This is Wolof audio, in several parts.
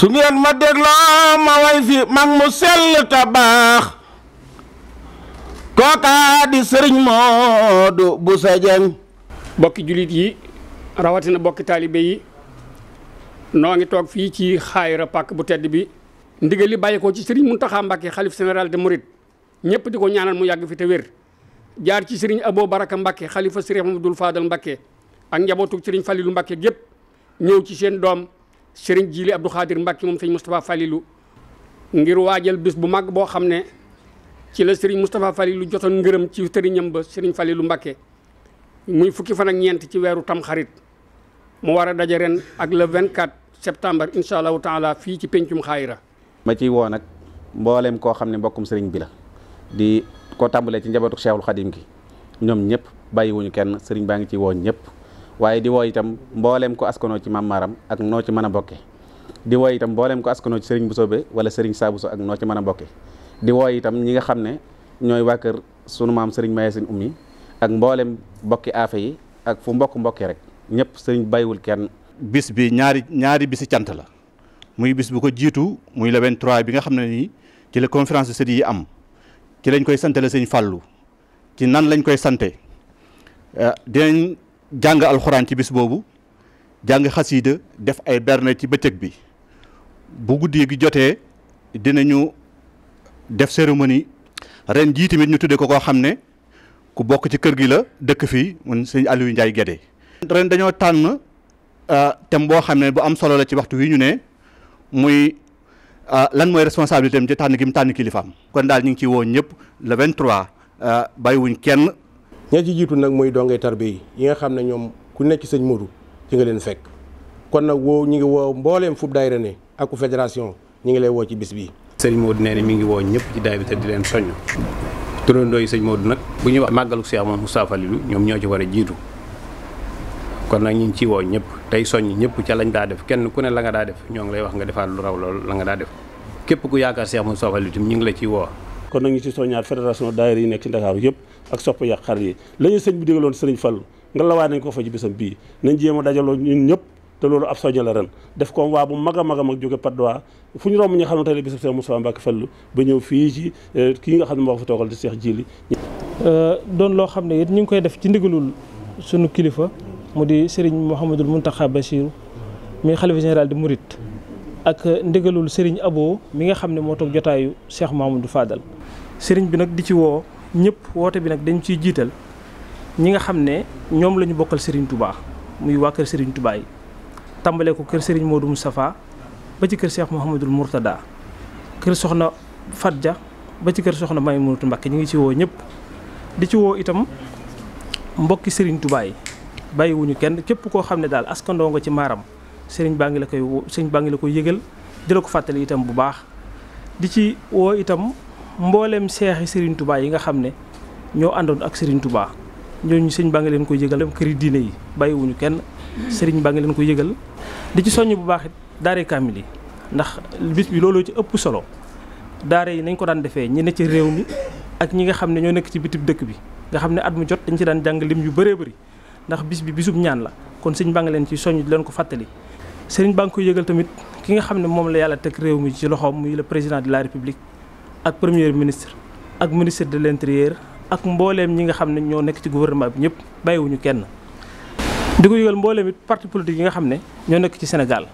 su ngeen ma dégloo ma way fi mag mu sell ta baax kookaa di sëriñ Modou Bousso Dieng bokki jullit yi rawatina bokki taalibe yi noo ngi toog fii ci xaayira pàkk bu tedd bi ndigal li bàyyi ko ci sëriñ Mountakha Mbacké xalif seneral de Mouride ñëpp di ko ñaanal mu yàgg fi te wér jaar ci sëriñ Abo Baraka Mbacké xalifa sëriñ dul Fadal Mbacké ak njabootu sëriñ Falilou Mbacké gépp ñëw ci seen doom sëriñ Jili Abdou Khadir Mbacke moom sëñ Moustapha Falilou ngir waajal bis bu mag boo xam ne ci la sëriñ Moustapha Falilou jotoon ngërëm ci sëriñam ba sëriñ Falilou Mbacke muy fukki fan ak ñeent ci weeru tamxarit mu war a daje ren ak le 24 septembre incha allahu taala fii ci pencum xaayira ma ciy woo nag mbooleem koo xam ne mbokkum sëriñ bi la di ko tàmbalee ci njabootu Cheikhul Khadim gi ñoom ñëpp bàyyiwuñu kenn sëriñ baa ngi ciy woon ñëpp. waaye di wooy itam mbooleem ko askanoo ci maam Maram ak noo ci mën a bokke di woo itam mbooleem ko askanoo ci sëriñ Busobe wala sëriñ Saabuso ak noo ci mën a bokke di woo itam ñi nga xam ne ñooy waa kër sunu maam sëriñ Mayasin Ummi ak mboolem bokki aafe yi ak fu mbokk mbokki rek ñëpp sëriñ bàyyiwul kenn bis bi ñaari ñaari bisi cant la muy bis bu ko jiitu muy le 23 bi nga xam ne nii ci la conférence sëriñ yi am ci lañ koy santale sëñ Fàllu ci nan lañ koy sante euh, jàng alxuraan ci bis boobu jàng xasiida def ay berne ci bëccëg bi bu guddi gi jotee dinañu def cérémonie ren jii tamit ñu tuddee ko koo xam ne ku bokk ci kër gi la dëkk fii mun sëñ Aliou Ndiaye Guédé ren dañoo tànn euh, tem boo xam ne bu am solo la ci waxtu wi ñu ne muy euh, lan mooy responsabilité am ci tànn gi mu tànn kilifaam kon daal ñu ngi ciy woo ñëpp le 23 euh, bàyyiwuñ kenn. ña ci jiitu nag mooy dongay tarbiya yi yi nga xam ne ñoom ku nekk sëñ Modou ci nga leen fekk kon nag woo ñu ngi woo mbooleem fub daayira ne ak ku fédération ñu ngi lay woo ci bis bi sëñ Modou nee na mi ngi woo ñëpp ci daay bi te di leen soññ turandoo yi sëñ Modou nag bu ñuy wax màggalu Seex moom Moustapha Falilou ñoom ñoo ci war a jiitu kon nag ñu ngi ciy woo ñëpp tey soññ ñëpp ca lañ daa def kenn ku ne la nga daa def ñoo ngi lay wax nga defaat lu raw loolu la nga daa def képp ku yaakaar Seex Moustapha Falilou tam ñu ngi la ciy woo kon nag ñu si soññaat fédération daayira yi nekk ci Ndakaaru yëpp ak sopp yàq xar yi la ñu sëñ bi digaloon sëriñ Fallu nga la waa nañ ko fa ci bisam bii nañ jéem a dajaloo ñun ñëpp te loolu ab soñña la ren def ko waa bu mag a mag a mag jóge Padoa fu ñu romb ñu xam ne tey la bisab Seex Mustafaa Mbàkke ba ñëw fii ci euh, kii nga xam ne moo ko fa toogal di Seex Jili euh, doon loo xam ne it ñu ngi koy def ci ndigalul sunu kilifa mu di sëriñ Mouhamadul Mountakha Bassirou mi xalifa général di Murit ak ndigalul sëriñ aboo mi nga xam ne moo toog jotaayu Cheikh Mahamadou Fadal sëriñ bi nag di ci woo ñëpp woote bi nag dañ ciy jiital ñi nga xam ne ñoom lañu ñu bokkal sëriñ Touba muy waa kër sëriñ Touba tàmbalee ko kër sëriñ Modou Moustapha ba ci kër seex Mouhamadul Mourtada kër soxna Fadja ba ci kër soxna Maymunatu Mbakke ñu ngi ci woo ñëpp di ci woo itam mbokki sëriñ tubaay yi bàyyiwuñu kenn képp koo xam ne daal askandoo nga ci maaram sëriñ baa ngi la koy sëriñ baa ngi la koy yëgal di la ko fàttali itam bu baax di ci woo itam mboolem seexi Serigne tubaa yi nga xam ne ñoo àndoon ak sëriñ Serigne Touba ñooñu sëñ baa ngi leen koy yëgal këri diine yi bàyyiwuñu kenn Serigne baa ngi leen koy yëgal di ci soññ bu baax it daare kaamil yi ndax bis bi looloo ci ëpp solo daare yi nañ ko daan defee ñi ne ci réew mi ak ñi nga xam ne ñoo nekk ci bitib dëkk bi nga xam ne at mu jot dañ ci daan jàng lim yu bëree bëri ndax bis bi bisub ñaan la kon sëñ baa ngi leen ci soññ di leen ko fàttali Serigne baa ngi koy yëgal tamit ki nga xam ne moom la yàlla teg réew mi ci loxoom muy le président de la république ak premier ministre ak ministre de l'intérieur ak mbooleem ñi nga xam ne ñoo nekk ci gouvernement bi ñëpp bàyyiwuñu kenn. di ko yëgal mbooleem it parti politique yi nga xam ne ñoo nekk ci Sénégal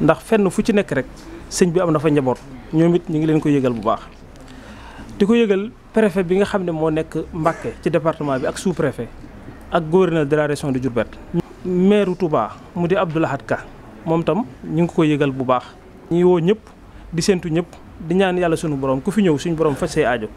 ndax fenn fu ci nekk rek sëñ bi am na fa njaboot ñoom it ñu ngi leen ko yëgal bu baax. di ko yëgal préfet bi nga xam ne moo nekk Mbacké ci département bi ak sous préfet ak gouverneur de la région de Diourbel. maire Touba mu di Abdou Lahad Ka moom tam ñu ngi ko yëgal bu baax. ñi ñëpp di séntu ñëpp. di ñaan yàlla sunu borom ku fi ñëw suñu borom faj say aajo.